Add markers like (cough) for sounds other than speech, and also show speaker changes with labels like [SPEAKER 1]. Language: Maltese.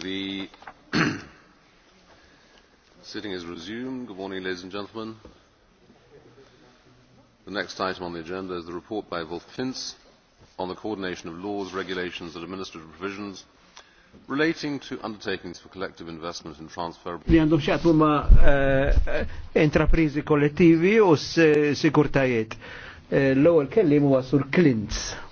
[SPEAKER 1] The (clears throat) sitting is resumed. Good morning, ladies and gentlemen. The next item on the agenda is the report by Wolf Pintz on the coordination of laws, regulations and administrative provisions relating to undertakings for collective investment in transferable li għandhom xaqtmu
[SPEAKER 2] ma' intraprizi eh, kollettivi u eh, sikurtajiet. Eh, l-ewwel kellim Klintz.